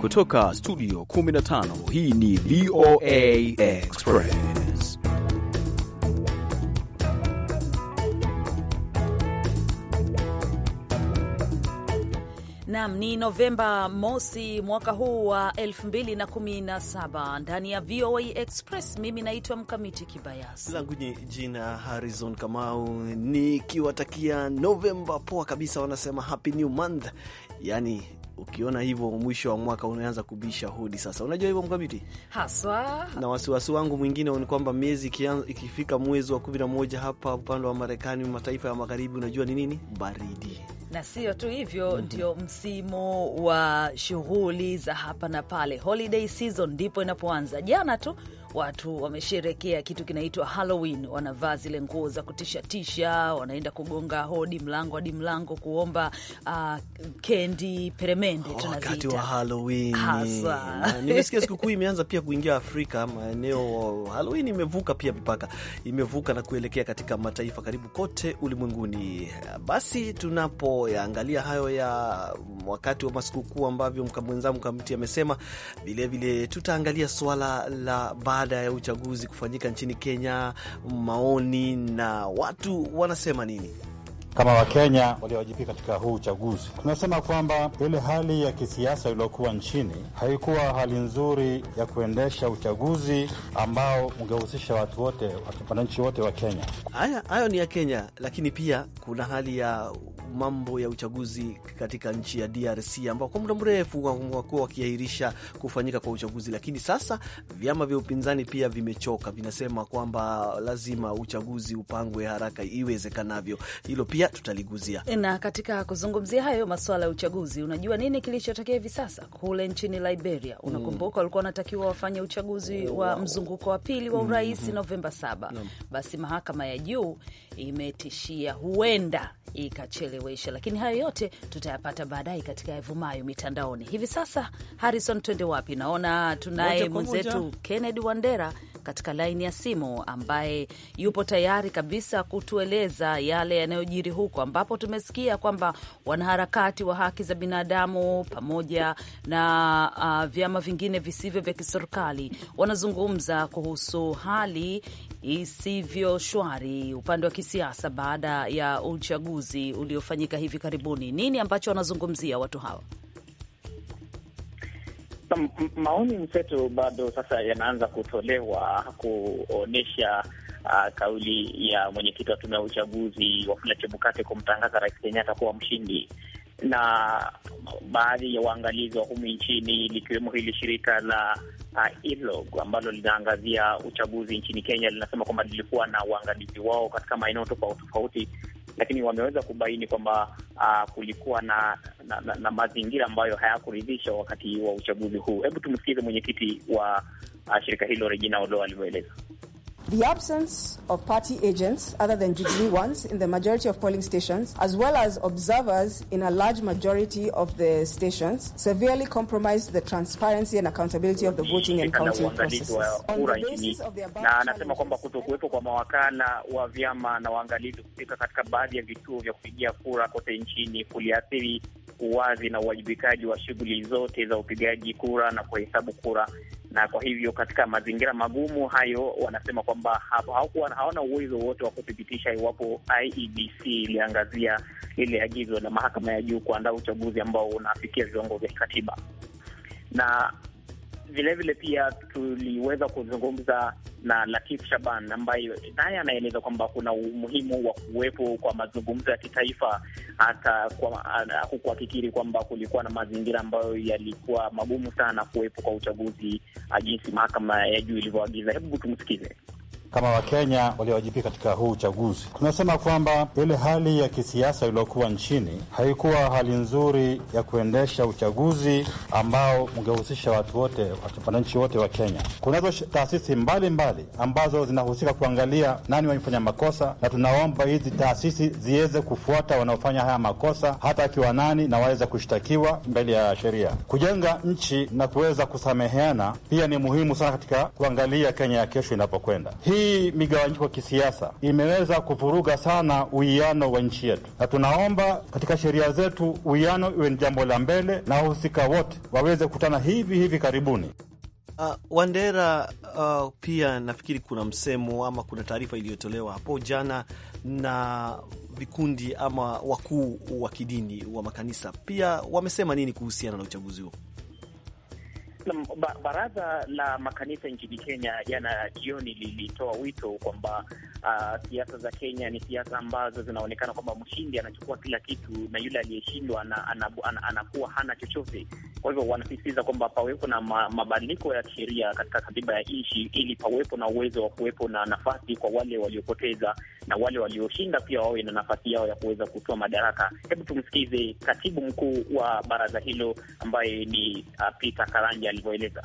Kutoka studio 15 hii ni VOA Express. Nam, ni Novemba mosi mwaka huu wa 2017 ndani ya VOA Express. Mimi naitwa Mkamiti Kibayasi, langu ni jina Harrison Kamau, nikiwatakia Novemba poa kabisa. Wanasema happy new month, yani ukiona hivyo mwisho wa mwaka unaanza kubisha hodi sasa, unajua hivyo mkabiti haswa. Na wasiwasi wangu mwingine ni kwamba miezi ikifika mwezi wa kumi na moja hapa upande wa Marekani, mataifa ya magharibi, unajua ni nini? Baridi na sio tu hivyo, mm -hmm. Ndio msimu wa shughuli za hapa na pale, holiday season ndipo inapoanza. Jana tu watu wamesherekea kitu kinaitwa Halloween, wanavaa zile nguo za kutisha tisha wanaenda kugonga hodi mlango hadi mlango kuomba uh, ah, kendi peremende oh, wakati wa Halloween. Nimesikia sikukuu imeanza pia kuingia Afrika, maeneo Halloween imevuka pia mipaka, imevuka na kuelekea katika mataifa karibu kote ulimwenguni. Basi tunapoyaangalia hayo ya wakati wa masikukuu ambavyo mwenzangu kamti amesema, vilevile tutaangalia swala la baada ya uchaguzi kufanyika nchini Kenya, maoni na watu wanasema nini? Kama Wakenya waliowajibika katika huu uchaguzi, tunasema kwamba ile hali ya kisiasa iliyokuwa nchini haikuwa hali nzuri ya kuendesha uchaguzi ambao ungehusisha watu wote, wananchi wote wa Kenya. Haya, hayo ni ya Kenya, lakini pia kuna hali ya mambo ya uchaguzi katika nchi ya DRC ambao kwa muda mrefu wamekuwa wakiahirisha kufanyika kwa uchaguzi, lakini sasa vyama vya upinzani pia vimechoka, vinasema kwamba lazima uchaguzi upangwe haraka iwezekanavyo. Hilo pia tutaliguzia. Na katika kuzungumzia hayo masuala ya uchaguzi, unajua nini kilichotokea hivi sasa kule nchini Liberia? Unakumbuka hmm. walikuwa wanatakiwa wafanye uchaguzi wa mzunguko wa pili wa hmm, urais hmm. Novemba 7. Basi mahakama ya juu imetishia huenda ikachelewa kuchelewesha, lakini hayo yote tutayapata baadaye katika yavumayo mitandaoni. Hivi sasa, Harrison, twende wapi? Naona tunaye mwenzetu Kennedy Wandera katika laini ya simu ambaye yupo tayari kabisa kutueleza yale yanayojiri huko, ambapo tumesikia kwamba wanaharakati wa haki za binadamu pamoja na uh, vyama vingine visivyo vya kiserikali wanazungumza kuhusu hali isivyo shwari upande wa kisiasa baada ya uchaguzi uliofanyika uliofanyika hivi karibuni. Nini ambacho wanazungumzia watu hawa? Maoni mseto bado sasa yanaanza kutolewa kuonyesha uh, kauli ya mwenyekiti wa tume ya uchaguzi Wafula Chebukati kumtangaza Rais Kenyatta kuwa mshindi na baadhi ya waangalizi wa humu nchini likiwemo hili shirika la uh, ILOG ambalo linaangazia uchaguzi nchini Kenya linasema kwamba lilikuwa na uangalizi wao katika maeneo tofauti tofauti, lakini wameweza kubaini kwamba uh, kulikuwa na, na, na, na mazingira ambayo hayakuridhisha wakati wa uchaguzi huu. Hebu tumsikize mwenyekiti wa uh, shirika hilo Regina Odoo alivyoeleza. The absence of party agents other than Jubilee ones in the majority of polling stations, as well as observers in a large majority of the stations, severely compromised the transparency and accountability of the voting and counting processes. Na anasema kwamba kutokuwepo kwa mawakala wa vyama na waangalizi kufika katika baadhi ya vituo vya kupigia kura kote nchini kuliathiri uwazi na uwajibikaji wa shughuli zote za upigaji kura na kuhesabu kura na kwa hivyo katika mazingira magumu hayo, wanasema kwamba hawakuwa hawana uwezo wote wa kuthibitisha iwapo IEBC iliangazia lile agizo la mahakama ya juu kuandaa uchaguzi ambao unafikia viwango vya kikatiba na vilevile vile pia tuliweza kuzungumza na Latif Shaban ambaye naye anaeleza kwamba kuna umuhimu wa kuwepo kwa mazungumzo ya kitaifa, hata huku akikiri kwamba kulikuwa na mazingira ambayo yalikuwa magumu sana kuwepo kwa uchaguzi, jinsi mahakama ya juu ilivyoagiza. Hebu tumsikize kama Wakenya waliowajibika katika huu uchaguzi. Tunasema kwamba ile hali ya kisiasa iliyokuwa nchini haikuwa hali nzuri ya kuendesha uchaguzi ambao ungehusisha watu wote, wananchi wote wa Kenya. Kunazo taasisi mbalimbali ambazo zinahusika kuangalia nani wamefanya makosa, na tunaomba hizi taasisi ziweze kufuata wanaofanya haya makosa, hata akiwa nani, na waweze kushtakiwa mbele ya sheria. Kujenga nchi na kuweza kusameheana pia ni muhimu sana katika kuangalia Kenya ya kesho inapokwenda hii hii migawanyiko ya kisiasa imeweza kuvuruga sana uwiano wa nchi yetu, na tunaomba katika sheria zetu uwiano iwe ni jambo la mbele na wahusika wote waweze kukutana hivi hivi karibuni. Uh, Wandera, uh, pia nafikiri kuna msemo ama kuna taarifa iliyotolewa hapo jana na vikundi ama wakuu wa kidini wa makanisa, pia wamesema nini kuhusiana na uchaguzi huo? ba, baraza la makanisa nchini Kenya jana jioni lilitoa wito kwamba uh, siasa za Kenya ni siasa ambazo zinaonekana kwamba mshindi anachukua kila kitu na yule aliyeshindwa anakuwa ana, ana, hana chochote. Kwa hivyo wanasisitiza kwamba pawepo na ma, mabadiliko ya sheria katika katiba ya nchi ili pawepo na uwezo wa kuwepo na nafasi kwa wale waliopoteza na wale walioshinda pia wawe na nafasi yao ya kuweza kutoa madaraka. Hebu tumsikize katibu mkuu wa baraza hilo ambaye ni uh, Peter Karanja nilivyoeleza.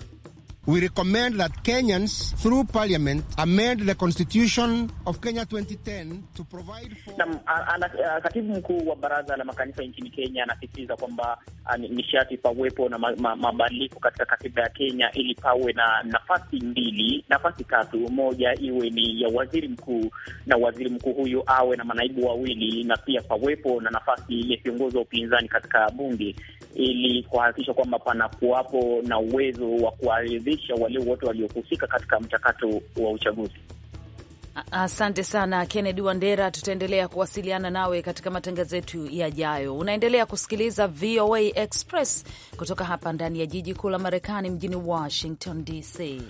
We recommend that Kenyans through parliament amend the constitution of Kenya 2010 to provide for... Na, a, a, katibu mkuu wa baraza la makanisa nchini Kenya anasisitiza kwamba nishati pawepo na mabadiliko ma, katika katiba ya Kenya ili pawe na nafasi mbili, nafasi tatu, moja iwe ni ya waziri mkuu na waziri mkuu huyu awe na manaibu wawili, na pia pawepo na nafasi ya kiongozi wa upinzani katika bunge ili kuhakikisha kwamba panakuwapo na uwezo wa kuaridhi kuwanufaisha wale wote waliohusika katika mchakato wa uchaguzi. Asante sana Kennedy Wandera, tutaendelea kuwasiliana nawe katika matangazo yetu yajayo. Unaendelea kusikiliza VOA Express kutoka hapa ndani ya jiji kuu la Marekani, mjini Washington DC.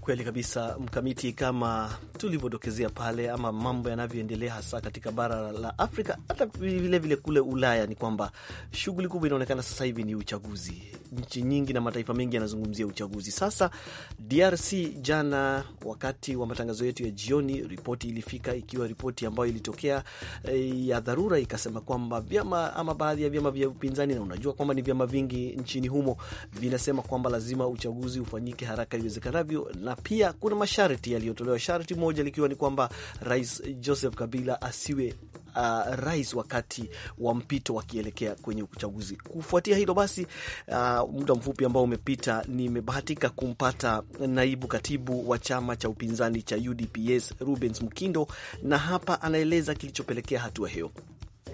Kweli kabisa, Mkamiti, kama tulivyodokezea pale, ama mambo yanavyoendelea hasa katika bara la Afrika, hata vilevile kule Ulaya, ni kwamba shughuli kubwa inaonekana sasa hivi ni uchaguzi nchi nyingi na mataifa mengi yanazungumzia uchaguzi. Sasa DRC jana, wakati wa matangazo yetu ya jioni, ripoti ilifika ikiwa ripoti ambayo ilitokea e, ya dharura, ikasema kwamba vyama ama baadhi ya vyama vya upinzani, na unajua kwamba ni vyama vingi nchini humo, vinasema kwamba lazima uchaguzi ufanyike haraka iwezekanavyo, na pia kuna masharti yaliyotolewa, sharti moja likiwa ni kwamba Rais Joseph Kabila asiwe uh, rais wakati wa mpito wakielekea kwenye uchaguzi. Kufuatia hilo basi, uh, muda mfupi ambao umepita, nimebahatika kumpata naibu katibu wa chama cha upinzani cha UDPS Rubens Mkindo, na hapa anaeleza kilichopelekea hatua hiyo.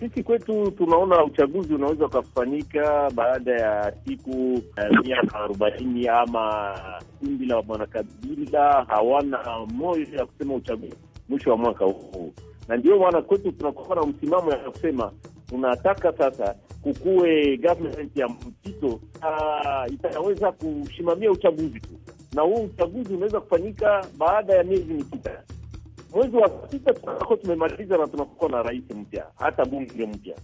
Sisi kwetu tunaona uchaguzi unaweza ukafanyika baada ya siku eh, miaka arobaini ama kundi la wanakabila hawana moyo ya kusema uchaguzi mwisho wa mwaka huu na ndio maana kwetu tunakuwa na msimamo ya kusema tunataka sasa kukuwe government ya mpito itaweza kusimamia uchaguzi tu, na huu uchaguzi unaweza kufanyika baada ya miezi mitatu mwezi wa sita tutakuwa tumemaliza na tunakuwa na rais mpya, hata bunge mpya.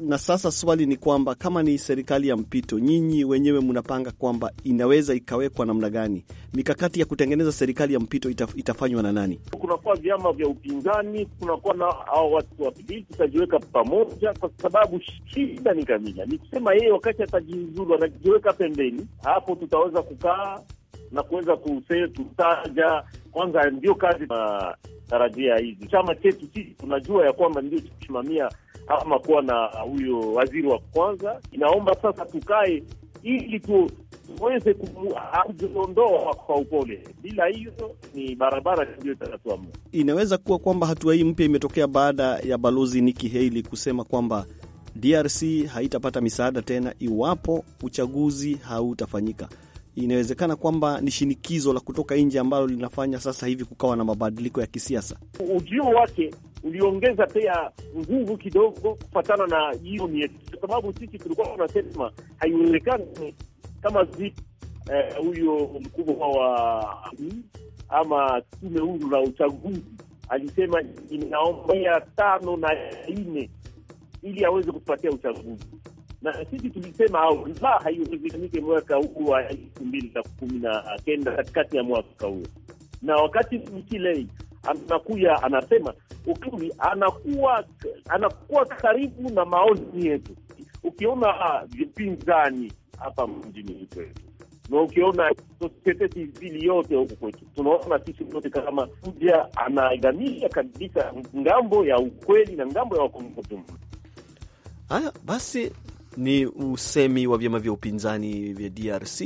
Na sasa swali ni kwamba kama ni serikali ya mpito, nyinyi wenyewe mnapanga kwamba inaweza ikawekwa namna gani? Mikakati ya kutengeneza serikali ya mpito itaf, itafanywa na nani? Kunakuwa vyama vya upinzani, kunakuwa na hao watu wawili, tutajiweka pamoja, kwa sababu shida ni kamila, ni kusema yeye wakati atajiuzulu anajiweka pembeni, hapo tutaweza kukaa na kuweza kutaja kwanza, ndio kazi na tarajia hizi. Chama chetu sisi tunajua ya kwamba ndio tukisimamia ama kuwa na huyo waziri wa kwanza, inaomba sasa tukae ili tu tuweze kujiondoa kwa upole. Bila hiyo ni barabara ndio itatuamua. Inaweza kuwa kwamba hatua hii mpya imetokea baada ya balozi Nikki Haley kusema kwamba DRC haitapata misaada tena iwapo uchaguzi hautafanyika inawezekana kwamba ni shinikizo la kutoka nje ambalo linafanya sasa hivi kukawa na mabadiliko ya kisiasa. Ujio wake uliongeza pia nguvu kidogo kufatana na hiyo miezi, kwa sababu sisi tulikuwa tunasema haiwezekani kama vile eh, huyo eh, mkubwa wa ama tume huru la uchaguzi alisema inaombea tano na nne ili aweze kutupatia uchaguzi na sisi tulisema la haiwezekanike mwaka huu wa elfu mbili na kumi na kenda katikati ya mwaka huo, na wakati Mkilei anakuya anasema ukumbi anakuwa anakuwa karibu na maoni yetu. Ukiona ah, vipinzani hapa mjini kwetu na ukiona sosiete sivili yote huku kwetu, tunaona sisi wote kama kuja anaegamisha kabisa ngambo ya ukweli na ngambo ya wakomkotumu. Haya basi, ni usemi wa vyama vya upinzani vya DRC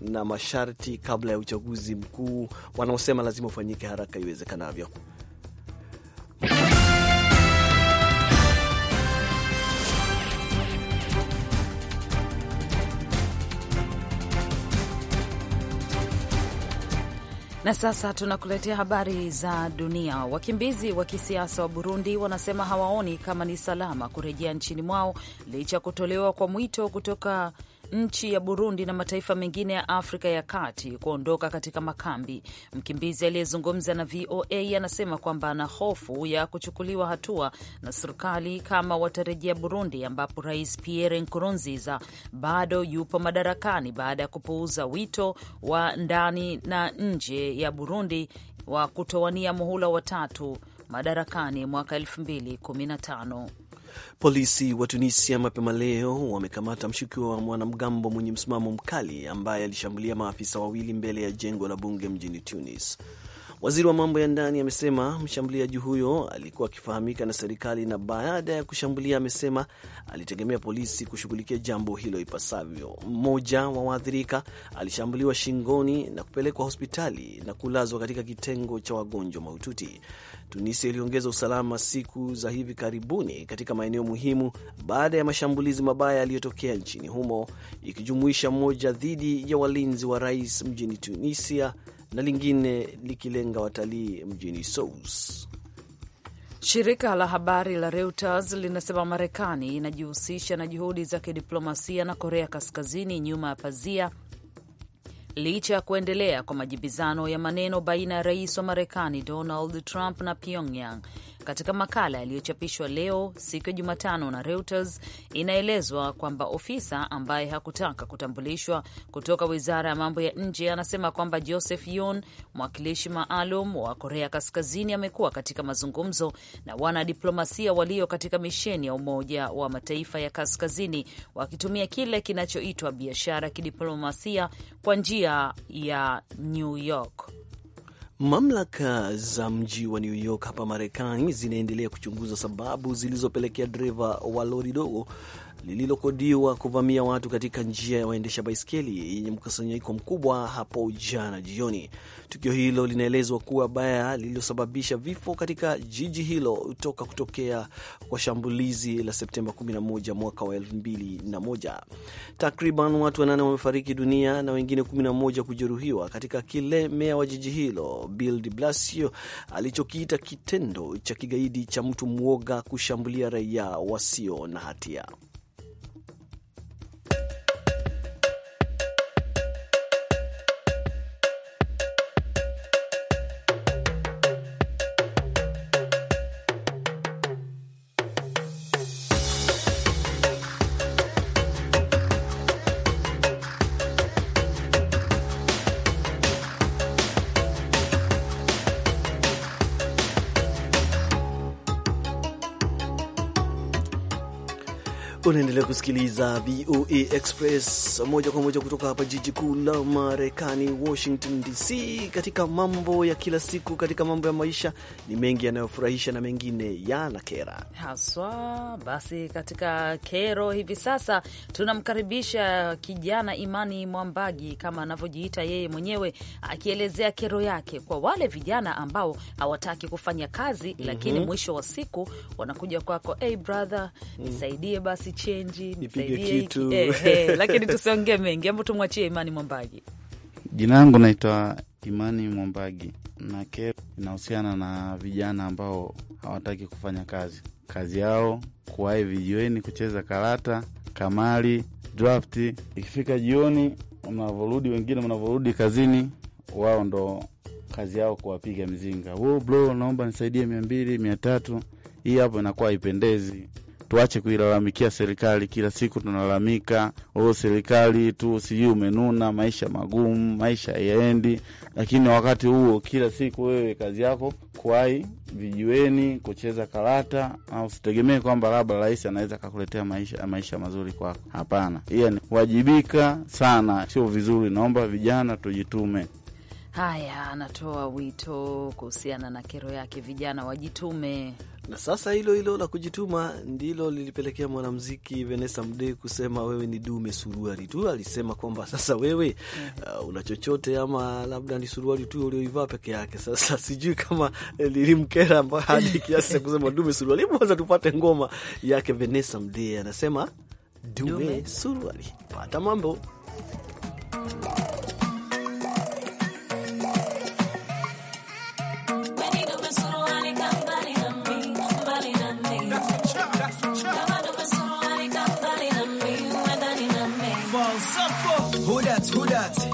na masharti kabla ya uchaguzi mkuu wanaosema lazima ufanyike haraka iwezekanavyo. Na sasa tunakuletea habari za dunia. Wakimbizi wa kisiasa wa Burundi wanasema hawaoni kama ni salama kurejea nchini mwao licha ya kutolewa kwa mwito kutoka nchi ya Burundi na mataifa mengine ya Afrika ya Kati kuondoka katika makambi. Mkimbizi aliyezungumza na VOA anasema kwamba ana hofu ya kuchukuliwa hatua na serikali kama watarejea Burundi, ambapo Rais Pierre Nkurunziza bado yupo madarakani baada ya kupuuza wito wa ndani na nje ya Burundi wa kutowania muhula watatu madarakani mwaka 2015. Polisi wa Tunisia mapema leo wamekamata mshukiwa wa mwanamgambo mwenye msimamo mkali ambaye alishambulia maafisa wawili mbele ya jengo la bunge mjini Tunis. Waziri wa mambo ya ndani amesema mshambuliaji huyo alikuwa akifahamika na serikali, na baada ya kushambulia, amesema alitegemea polisi kushughulikia jambo hilo ipasavyo. Mmoja wa waathirika alishambuliwa shingoni na kupelekwa hospitali na kulazwa katika kitengo cha wagonjwa mahututi. Tunisia iliongeza usalama siku za hivi karibuni katika maeneo muhimu baada ya mashambulizi mabaya yaliyotokea nchini humo, ikijumuisha moja dhidi ya walinzi wa rais mjini Tunisia na lingine likilenga watalii mjini Sous. Shirika la habari la Reuters linasema Marekani inajihusisha na juhudi za kidiplomasia na Korea Kaskazini nyuma ya pazia licha ya kuendelea kwa majibizano ya maneno baina ya rais wa Marekani Donald Trump na Pyongyang katika makala yaliyochapishwa leo siku ya Jumatano na Reuters, inaelezwa kwamba ofisa ambaye hakutaka kutambulishwa kutoka wizara ya mambo ya nje anasema kwamba Joseph Yun, mwakilishi maalum wa Korea Kaskazini, amekuwa katika mazungumzo na wanadiplomasia walio katika misheni ya Umoja wa Mataifa ya Kaskazini, wakitumia kile kinachoitwa biashara kidiplomasia kwa njia ya New York. Mamlaka za mji wa New York hapa Marekani zinaendelea kuchunguza sababu zilizopelekea dereva wa lori dogo lililokodiwa kuvamia watu katika njia ya waendesha baiskeli yenye mkusanyiko mkubwa hapo jana jioni. Tukio hilo linaelezwa kuwa baya lililosababisha vifo katika jiji hilo toka kutokea kwa shambulizi la Septemba 11 mwaka wa 2001. Takriban watu wanane wamefariki dunia na wengine 11 kujeruhiwa katika kile meya wa jiji hilo Bill de Blasio alichokiita kitendo cha kigaidi cha mtu mwoga kushambulia raia wasio na hatia. Unaendelea kusikiliza VOA Express moja kwa moja kutoka hapa jiji kuu la Marekani, Washington DC. Katika mambo ya kila siku, katika mambo ya maisha, ni mengi yanayofurahisha na mengine yanakera haswa. Basi katika kero hivi sasa tunamkaribisha kijana Imani Mwambagi kama anavyojiita yeye mwenyewe, akielezea kero yake kwa wale vijana ambao hawataki kufanya kazi, lakini mm -hmm. mwisho wa siku wanakuja kwako, hey brother, mm. nisaidie basi chenji, kitu eh, eh, lakini tusiongee mengi, ambo tumwachie Imani Mwambagi. Jina langu naitwa Imani Mwambagi na ke inahusiana na vijana ambao hawataki kufanya kazi, kazi yao kuwahi vijiweni kucheza karata, kamari, drafti. Ikifika jioni mnavorudi wengine mnavorudi kazini, wao ndo kazi yao kuwapiga mzinga, wo bro, naomba nisaidie mia mbili mia tatu. Hii hapo inakuwa haipendezi. Tuache kuilalamikia serikali kila siku, tunalalamika oh, serikali tu sijui umenuna, maisha magumu, maisha yaendi. Lakini wakati huo kila siku wewe kazi yako kuwai vijiweni kucheza karata, au usitegemee kwamba labda rais anaweza kakuletea maisha, maisha mazuri kwako. Hapana, hiyo ni wajibika sana, sio vizuri. Naomba vijana tujitume. Haya, anatoa wito kuhusiana na kero yake, vijana wajitume. Na sasa hilo hilo la kujituma ndilo lilipelekea mwanamziki Vanessa Mdee kusema wewe ni dume suruali tu. Alisema kwamba sasa wewe uh, una chochote ama labda ni suruali tu ulioivaa peke yake. Sasa sijui kama eh, lilimkera ambayo hadi kiasi cha kusema dume suruali. Hebu kwanza tupate ngoma yake Vanessa Mdee, anasema dume, dume suruali. Pata mambo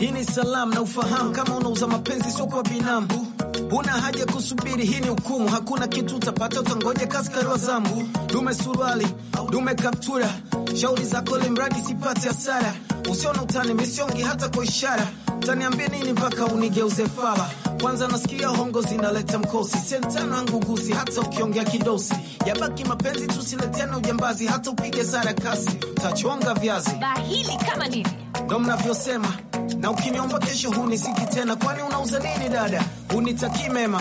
Hii ni salamu na ufahamu, kama unauza mapenzi sio kwa binambu, Huna haja kusubiri, hii ni hukumu. Hakuna kitu utapata, utangoje kaskari wa zambu. Dume suruali, dume kaptura, shauri zako mradi sipati hasara. Usiona utani, misiongi hata kwa ishara. Utaniambia nini mpaka unigeuze fala? Kwanza nasikia hongo zinaleta mkosi, sentano anguguzi, hata ukiongea kidosi. Yabaki mapenzi, tusileteane ujambazi, hata upige sarakasi, tachonga viazi Bahili kama nini, ndo mnavyosema na ukiniomba kesho hunisiki tena, kwani unauza nini dada? Unitakii mema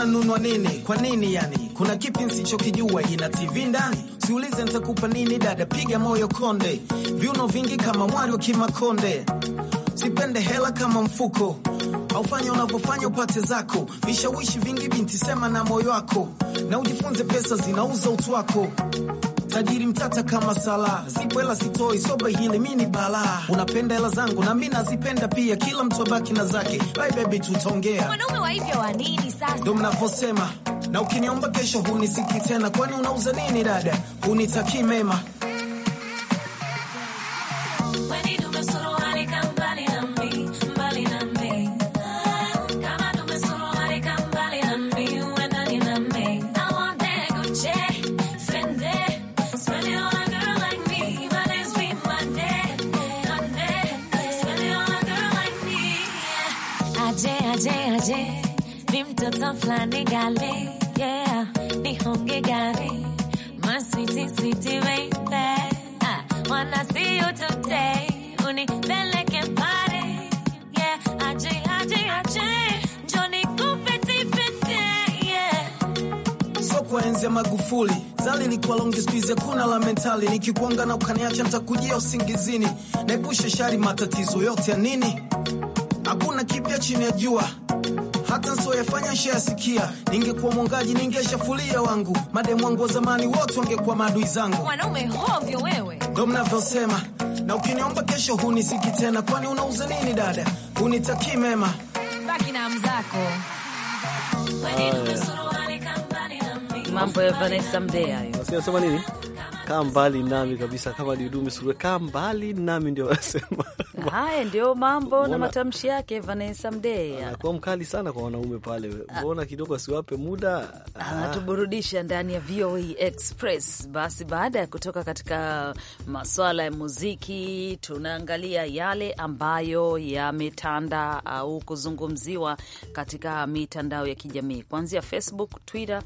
nanunwa nini? Kwa nini yani? Kuna kipi nsichokijua? Ina TV ndani? Siulize ntakupa nini dada, piga moyo konde, viuno vingi kama mwari wa Kimakonde, sipende hela kama mfuko aufanya unavyofanya upate zako, vishawishi vingi binti, sema na moyo wako, na ujifunze, pesa zinauza utu wako tajiri mtata kama sala, zipo hela sitoi, soba hili mi ni bala. Unapenda hela zangu na mi nazipenda pia, kila mtu abaki na zake. Bye baby, tutaongea. Mwanaume wa hivyo wa nini sasa? Ndo mnavyosema, na ukiniomba kesho hunisiki tena, kwani unauza nini dada? Hunitakii mema na flani gale, yeah, nihonge gari, my sweetie, sweetie baby, I wanna see you today, unipeleke mbali, yeah, aje, aje, aje, njoo nikupetepete, yeah. So kwa enzi ya Magufuli Zali likuwa long distance kuna la mentali nikikuanga na ukaniacha nitakujia usingizini naepusha shari matatizo yote ya nini hakuna kipya chini ya jua hata nsioyafanya nshayasikia. Ningekuwa mwangaji ningeshafulia wangu, mademu wangu wa zamani wote wangekuwa maadui zangu. Wanaume hovyo wewe, ndo mnavyosema, na ukiniomba kesho hunisiki tena. Kwani unauza nini dada? Hunitakii mema, baki na mzako. Mambo ya Vanessa Mdee hayo, nasema nini? Kaa mbali nami kabisa, kama niudume sura, kaa mbali nami, ndio wanasema Haya ndio mambo na matamshi yake Vanessa Mdee anakuwa ah, mkali sana kwa wanaume pale, mbona kidogo asiwape muda. Anatuburudisha ah, ah. ndani ya VOA e Express. Basi baada ya kutoka katika maswala ya muziki, tunaangalia yale ambayo yametanda au kuzungumziwa katika mitandao ya kijamii kuanzia Facebook, Twitter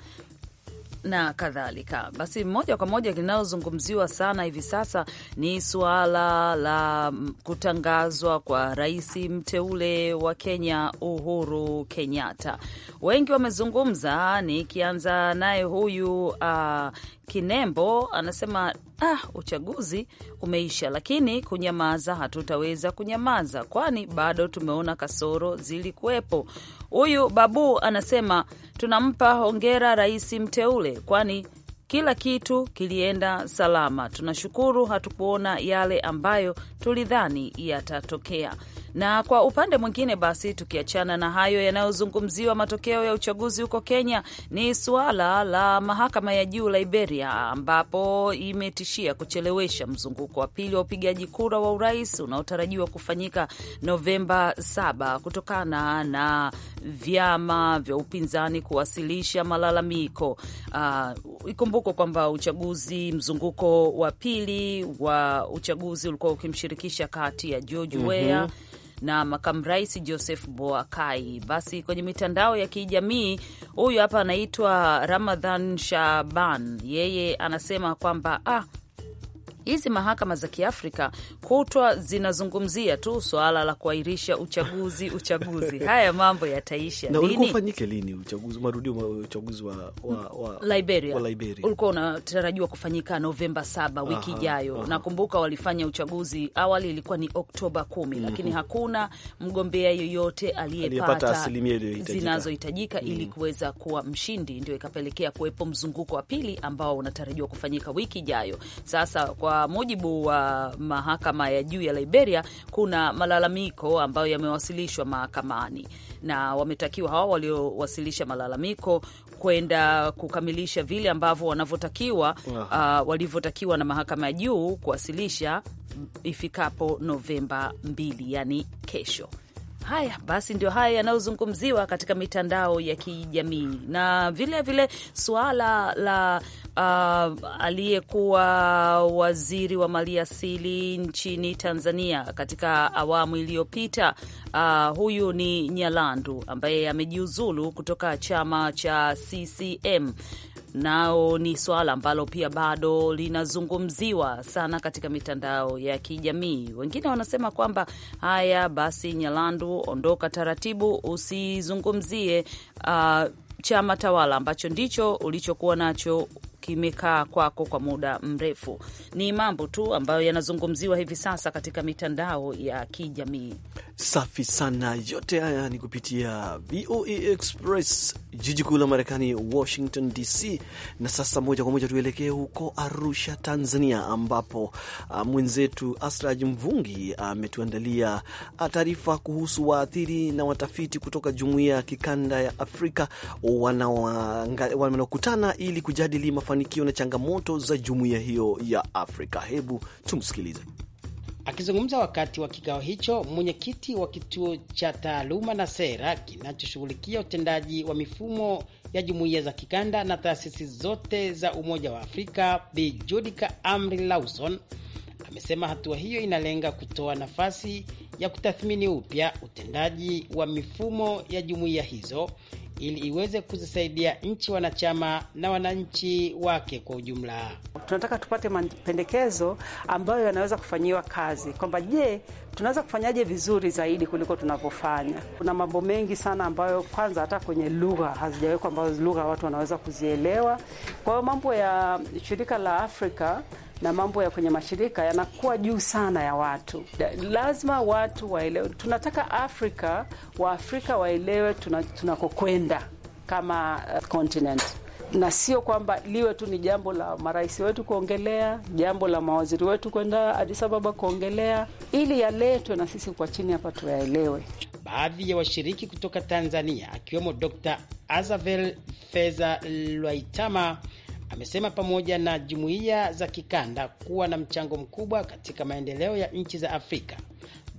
na kadhalika. Basi moja kwa moja linalozungumziwa sana hivi sasa ni suala la kutangazwa kwa rais mteule wa Kenya Uhuru Kenyatta. Wengi wamezungumza, nikianza naye huyu uh, Kinembo anasema ah, uchaguzi umeisha, lakini kunyamaza hatutaweza kunyamaza, kwani bado tumeona kasoro zilikuwepo. Huyu Babu anasema tunampa hongera rais mteule, kwani kila kitu kilienda salama, tunashukuru. Hatukuona yale ambayo tulidhani yatatokea. Na kwa upande mwingine, basi tukiachana na hayo yanayozungumziwa, matokeo ya uchaguzi huko Kenya ni suala la mahakama ya juu Liberia, ambapo imetishia kuchelewesha mzunguko wa pili wa upigaji kura wa urais unaotarajiwa kufanyika Novemba 7 kutokana na vyama vya upinzani kuwasilisha malalamiko uh, Ikumbukwe kwamba uchaguzi mzunguko wa pili wa uchaguzi ulikuwa ukimshirikisha kati ya George mm -hmm. na makamu rais Joseph Boakai. Basi kwenye mitandao ya kijamii, huyu hapa anaitwa Ramadhan Shaban, yeye anasema kwamba ah, hizi mahakama za Kiafrika kutwa zinazungumzia tu swala la kuahirisha uchaguzi uchaguzi. Haya mambo yataisha na lini? Ufanyike lini uchaguzi, marudio uchaguzi wa, wa, wa Liberia, wa Liberia ulikuwa unatarajiwa kufanyika Novemba saba wiki ijayo. Nakumbuka walifanya uchaguzi awali ilikuwa ni Oktoba kumi, mm -hmm. lakini hakuna mgombea yoyote aliyepata asilimia zinazohitajika mm -hmm. ili mm-hmm. kuweza kuwa mshindi, ndio ikapelekea kuwepo mzunguko wa pili ambao unatarajiwa kufanyika wiki ijayo. Sasa kwa mujibu wa mahakama mahakama ya juu ya Liberia kuna malalamiko ambayo yamewasilishwa mahakamani, na wametakiwa hawa waliowasilisha malalamiko kwenda kukamilisha vile ambavyo wanavyotakiwa uh, walivyotakiwa na mahakama ya juu kuwasilisha ifikapo Novemba 2, yani kesho. Haya basi, ndio haya yanayozungumziwa katika mitandao ya kijamii na vilevile vile suala la uh, aliyekuwa waziri wa maliasili nchini Tanzania katika awamu iliyopita. Uh, huyu ni Nyalandu ambaye amejiuzulu kutoka chama cha CCM nao ni swala ambalo pia bado linazungumziwa sana katika mitandao ya kijamii. Wengine wanasema kwamba haya basi, Nyalandu, ondoka taratibu, usizungumzie uh, chama tawala ambacho ndicho ulichokuwa nacho kimekaa kwako kwa muda mrefu. Ni mambo tu ambayo yanazungumziwa hivi sasa katika mitandao ya kijamii. Safi sana, yote haya ni kupitia VOA Express, jiji kuu la Marekani, Washington DC. Na sasa moja kwa moja tuelekee huko Arusha, Tanzania, ambapo ah, mwenzetu Asraj Mvungi ametuandalia ah, taarifa kuhusu waathiri na watafiti kutoka jumuiya ya kikanda ya Afrika wanaokutana ili kujadili mafanikio mafanikio na changamoto za jumuiya hiyo ya Afrika. Hebu tumsikilize. Akizungumza wakati wa kikao hicho, mwenyekiti wa kituo cha taaluma na sera kinachoshughulikia utendaji wa mifumo ya jumuiya za kikanda na taasisi zote za Umoja wa Afrika, Bi Judika Amri Lawson amesema hatua hiyo inalenga kutoa nafasi ya kutathmini upya utendaji wa mifumo ya jumuiya hizo ili iweze kuzisaidia nchi wanachama na wananchi wake kwa ujumla. Tunataka tupate mapendekezo ambayo yanaweza kufanyiwa kazi, kwamba je, tunaweza kufanyaje vizuri zaidi kuliko tunavyofanya. Kuna mambo mengi sana ambayo kwanza hata kwenye lugha hazijawekwa, ambazo lugha watu wanaweza kuzielewa. Kwa hiyo mambo ya shirika la Afrika na mambo ya kwenye mashirika yanakuwa juu sana ya watu. Lazima watu waelewe, tunataka Afrika, Waafrika waelewe tunakokwenda kama eh, continent na sio kwamba liwe tu ni jambo la marais wetu kuongelea, jambo la mawaziri wetu kwenda Addis Ababa kuongelea, ili yaletwe na sisi kwa chini hapa tuyaelewe. Baadhi ya washiriki kutoka Tanzania akiwemo Dr. Azavel Feza Lwaitama amesema pamoja na jumuiya za kikanda kuwa na mchango mkubwa katika maendeleo ya nchi za Afrika,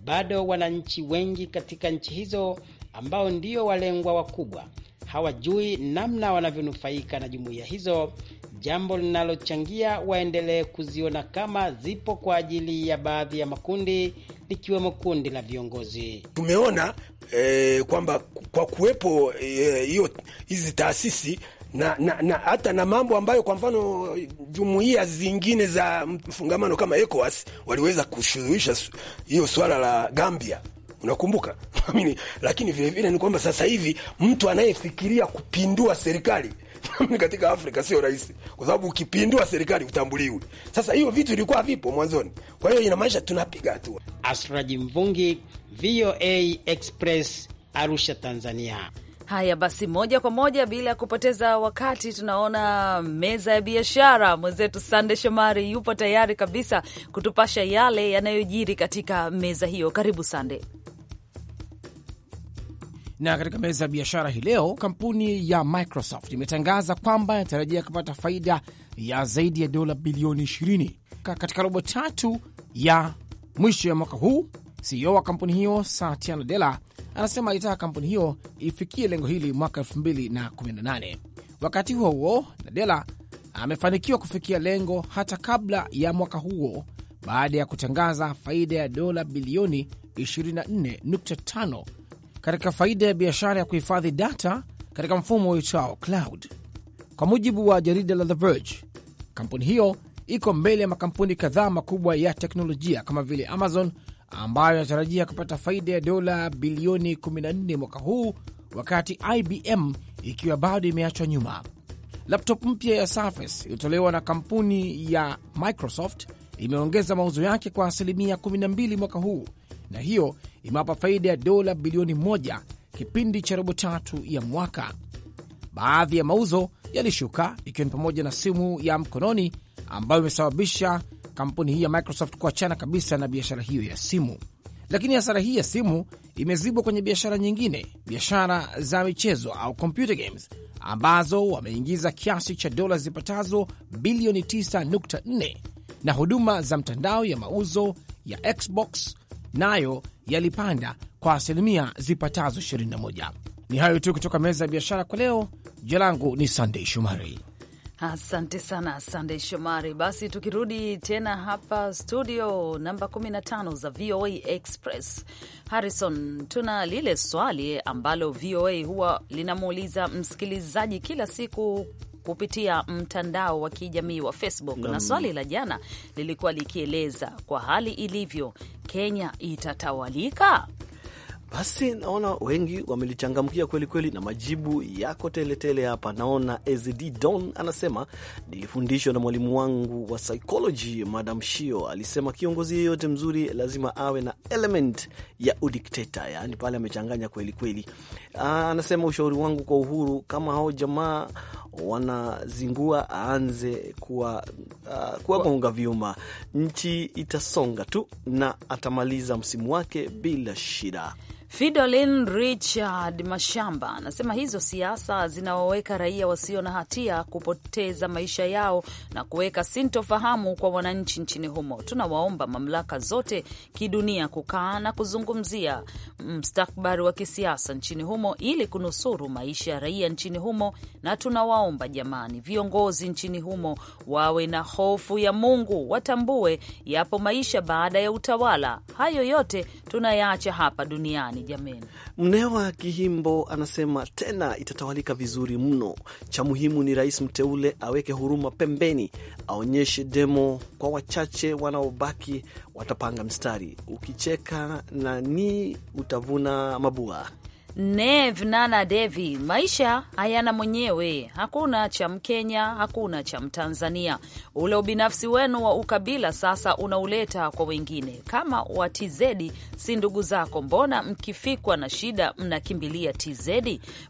bado wananchi wengi katika nchi hizo ambao ndio walengwa wakubwa hawajui namna wanavyonufaika na jumuiya hizo, jambo linalochangia waendelee kuziona kama zipo kwa ajili ya baadhi ya makundi likiwemo kundi la viongozi. Tumeona eh, kwamba kwa kuwepo eh, hiyo eh, hizi taasisi na, na, na hata na mambo ambayo kwa mfano jumuiya zingine za mfungamano kama ECOWAS waliweza kushuruhisha hiyo swala la Gambia Unakumbuka? Naamini, lakini vile vile ni kwamba sasa hivi mtu anayefikiria kupindua serikali katika Afrika sio rahisi, kwa sababu ukipindua serikali utambuliwi. Sasa hiyo vitu ilikuwa vipo mwanzoni, kwa hiyo inamaanisha tunapiga hatua. Asraji Mvungi, VOA Express, Arusha, Tanzania. Haya basi, moja kwa moja bila ya kupoteza wakati, tunaona meza ya biashara. Mwenzetu Sande Shomari yupo tayari kabisa kutupasha yale yanayojiri katika meza hiyo. Karibu Sande. Na katika meza ya biashara hii leo, kampuni ya Microsoft imetangaza kwamba inatarajia kupata faida ya zaidi ya dola bilioni 20 katika robo tatu ya mwisho ya mwaka huu. CEO wa kampuni hiyo Satya Nadella anasema alitaka kampuni hiyo ifikie lengo hili mwaka 2018. Wakati huo huo, Nadella amefanikiwa kufikia lengo hata kabla ya mwaka huo baada ya kutangaza faida ya dola bilioni 24.5 katika faida ya biashara ya kuhifadhi data katika mfumo uitwao cloud. Kwa mujibu wa jarida la The Verge, kampuni hiyo iko mbele ya makampuni kadhaa makubwa ya teknolojia kama vile Amazon ambayo inatarajia kupata faida ya dola bilioni 14 mwaka huu, wakati IBM ikiwa bado imeachwa nyuma. Laptop mpya ya Surface iliyotolewa na kampuni ya Microsoft imeongeza mauzo yake kwa asilimia 12 mwaka huu na hiyo imewapa faida ya dola bilioni moja kipindi cha robo tatu ya mwaka. Baadhi ya mauzo yalishuka, ikiwa ni pamoja na simu ya mkononi ambayo imesababisha kampuni hii ya Microsoft kuachana kabisa na biashara hiyo ya simu. Lakini hasara hii ya simu imezibwa kwenye biashara nyingine, biashara za michezo au computer games ambazo wameingiza kiasi cha dola zipatazo bilioni 9.4 na huduma za mtandao ya mauzo ya Xbox nayo yalipanda kwa asilimia zipatazo 21. Ni hayo tu kutoka meza ya biashara kwa leo. Jina langu ni Sandei Shomari. Asante sana Sandey Shomari. Basi tukirudi tena hapa studio namba 15 za VOA Express, Harrison, tuna lile swali ambalo VOA huwa linamuuliza msikilizaji kila siku kupitia mtandao wa kijamii wa Facebook na, na swali la jana lilikuwa likieleza kwa hali ilivyo Kenya itatawalika? Basi naona wengi wamelichangamkia kweli kweli, na majibu yako teletele hapa. Naona Ezd Don anasema nilifundishwa na mwalimu wangu wa psychology, Madam Shio alisema kiongozi yeyote mzuri lazima awe na element ya udikteta, yaani pale amechanganya kweli kweli. Ah, anasema ushauri wangu kwa Uhuru, kama hao jamaa wanazingua aanze kuwa uh, kuwagonga vyuma. Nchi itasonga tu na atamaliza msimu wake bila shida. Fridolin Richard Mashamba anasema hizo siasa zinawaweka raia wasio na hatia kupoteza maisha yao na kuweka sintofahamu kwa wananchi nchini humo. Tunawaomba mamlaka zote kidunia kukaa na kuzungumzia mstakbari wa kisiasa nchini humo ili kunusuru maisha ya raia nchini humo, na tunawaomba jamani, viongozi nchini humo wawe na hofu ya Mungu, watambue yapo maisha baada ya utawala. Hayo yote tunayaacha hapa duniani. Marekani. Jameni, Mnewa Kihimbo anasema tena itatawalika vizuri mno. Cha muhimu ni rais mteule aweke huruma pembeni, aonyeshe demo kwa wachache, wanaobaki watapanga mstari. Ukicheka na ni utavuna mabua. Nevnana Devi, maisha hayana mwenyewe, hakuna cha Mkenya, hakuna cha Mtanzania. Ule ubinafsi wenu wa ukabila sasa unauleta kwa wengine. Kama wa TZ si ndugu zako, mbona mkifikwa na shida mnakimbilia TZ?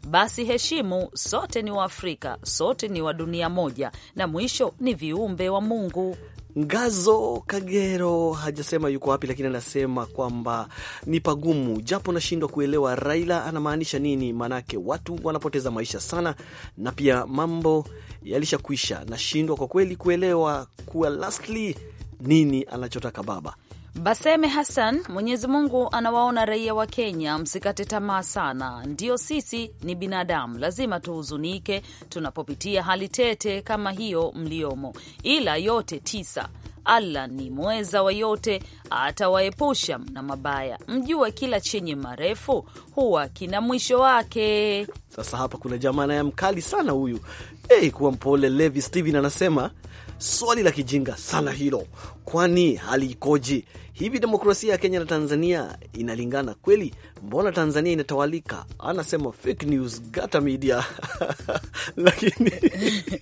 Basi heshimu, sote ni Waafrika, sote ni wa dunia moja, na mwisho ni viumbe wa Mungu. Ngazo Kagero hajasema yuko wapi, lakini anasema kwamba ni pagumu, japo nashindwa kuelewa Raila anamaanisha nini, maanake watu wanapoteza maisha sana, na pia mambo yalishakwisha. Nashindwa kwa kweli kuelewa kuwa lastly nini anachotaka baba Baseme Hassan, Mwenyezi Mungu anawaona raia wa Kenya, msikate tamaa sana. ndio sisi ni binadamu, lazima tuhuzunike tunapopitia hali tete kama hiyo mliomo, ila yote tisa Allah ni mweza wa yote, atawaepusha na mabaya. Mjue kila chenye marefu huwa kina mwisho wake. Sasa hapa kuna jamaa naye mkali sana huyu. Hey, kuwa mpole. Levi Steven anasema Swali la kijinga sana hilo, kwani hali ikoje hivi? Demokrasia ya Kenya na Tanzania inalingana kweli? Mbona Tanzania inatawalika? Anasema fake news, Gata Media lakini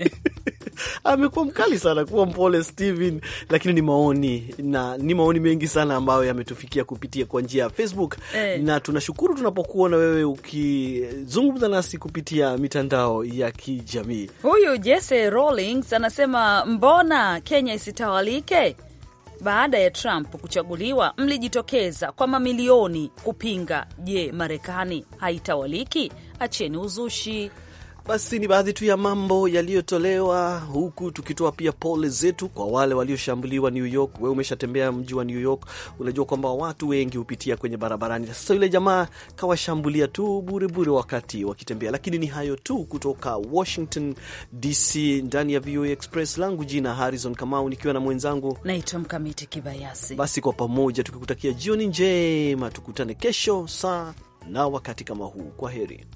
amekuwa mkali sana kuwa mpole Steven, lakini ni maoni na ni maoni mengi sana ambayo yametufikia kupitia kwa njia ya Facebook hey. Eh. Na tunashukuru tunapokuona wewe ukizungumza nasi kupitia mitandao ya kijamii. Huyu Jesse Rawlings anasema mbona Kenya isitawalike? Baada ya Trump kuchaguliwa, mlijitokeza kwa mamilioni kupinga. Je, Marekani haitawaliki? Acheni uzushi. Basi ni baadhi tu ya mambo yaliyotolewa huku tukitoa pia pole zetu kwa wale walioshambuliwa New York. Wewe umeshatembea mji wa New York, unajua kwamba watu wengi hupitia kwenye barabarani. Sasa yule jamaa kawashambulia tu burebure wakati wakitembea. Lakini ni hayo tu kutoka Washington DC, ndani ya VOA Express. Langu jina Harrison Kamau, nikiwa na mwenzangu naitwa Mkamiti Kibayasi. Basi kwa pamoja tukikutakia jioni njema, tukutane kesho saa na wakati kama huu. Kwa heri.